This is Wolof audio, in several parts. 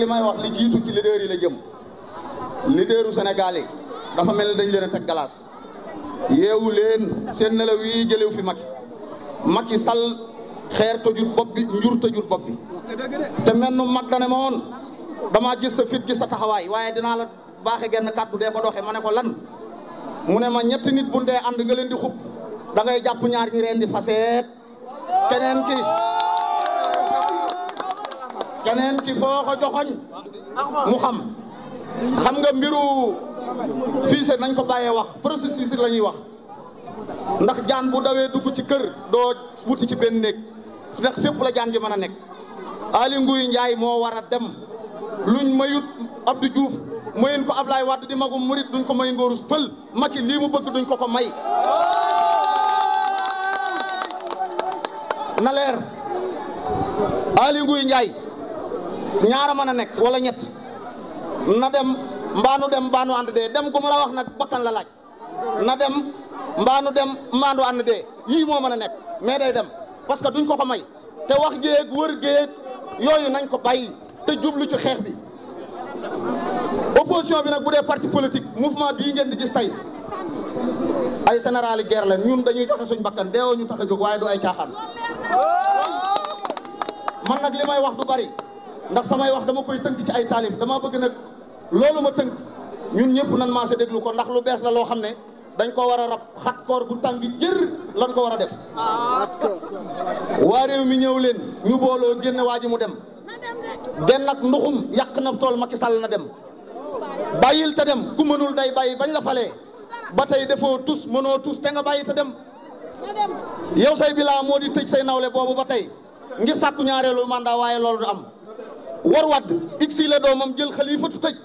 li may wax li ci leader yi la jëm leaderu Sénégal dafa mel ne dañ leen a teg galaas yeewu leen seen nelaw yi jëlew fi Macky Macky Sall xeer tëjut bopp bi njur tëjut bopp bi te mel nu mag dane ma woon damaa gis sa fit gis sa taxawaay waaye dinaa la baaxe genn kàddu dee ko doxe ma ne ko lan mu ne ma ñetti nit bu dee ànd nga leen di xub da jàpp ñaar ñi reen di faseet keneen ki keneen ki foo ko joxoñ mu xam xam nga mbiru Cissé nañ ko bàyyee wax processus la ñuy wax ndax jaan bu dawee dugg ci kër doo wuti ci benn néeg ndax fépp la jaan ji mën a nekk Aly Ngouille Ndiaye moo war a dem luñ mayut Abdou Diouf mayin ko Ablaye Wade di magum murit duñ ko may ngóorus pël Macky lii mu bëgg duñ ko ko may na leer Aly Ngouille ñaara mën a nekk wala ñett na dem mbaanu dem mbaanu ànd dee dem gu ma la wax nag bakkan la laaj na dem mbaanu dem mbaanu ànd dee yii moo mën a nekk mais day dem parce que duñ ko ko may te wax géeg wër géeg yooyu nañ ko bàyyi te jublu ci xeex bi opposition bi nag bu dee parti politique mouvement bii ngeen di gis tey ay général guerre ñun dañuy joxe suñ bakkan deewoo ñu tax a jóg waaye du ay caaxaan man nag li may wax du bari ndax samay wax dama koy tënk ci ay taalif dama bëgg nag loolu ma tënk ñun ñëpp nan maase déglu ko ndax lu bees la loo xam ne dañ ko war a rab xat koor bu tàng jër lan ko war a def waa réew mi ñëw leen ñu booloo génn waa ji mu dem genn nag nduxum yàq na tool Macky Sall na dem bàyyil te dem ku mënul day bàyyi bañ la falee ba tey defoo tus mënoo tus te nga bàyyi te dem yow say bilaa moo di tëj say nawle boobu ba tey ngir sàkku ñaareelu mandat waaye loolu du am war wadd ig la doomam jël xalifatu tëj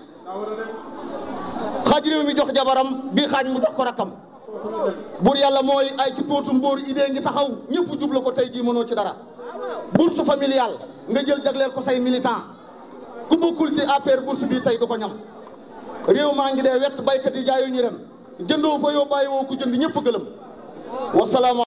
xaaj réew mi jox jabaram bi xaaj mu jox ko rakkam buur yàlla mooy ay ci póotu mbóor idée ngi taxaw ñëpp jubla ko tey jii mënoo ci dara bourse familiale nga jël jagleel ko say militant ku bokkul ci APR bourse bii tey du ko ñam réew maa ngi dee wett baykat yi jaayu ñu ren jëndoo fa yoo bàyyi woo ku jënd ñëpp gëlëm wasalaamu